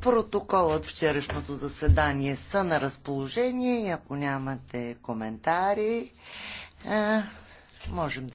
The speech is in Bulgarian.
Протоколът вчерашното заседание са на разположение и ако нямате коментари, е, можем да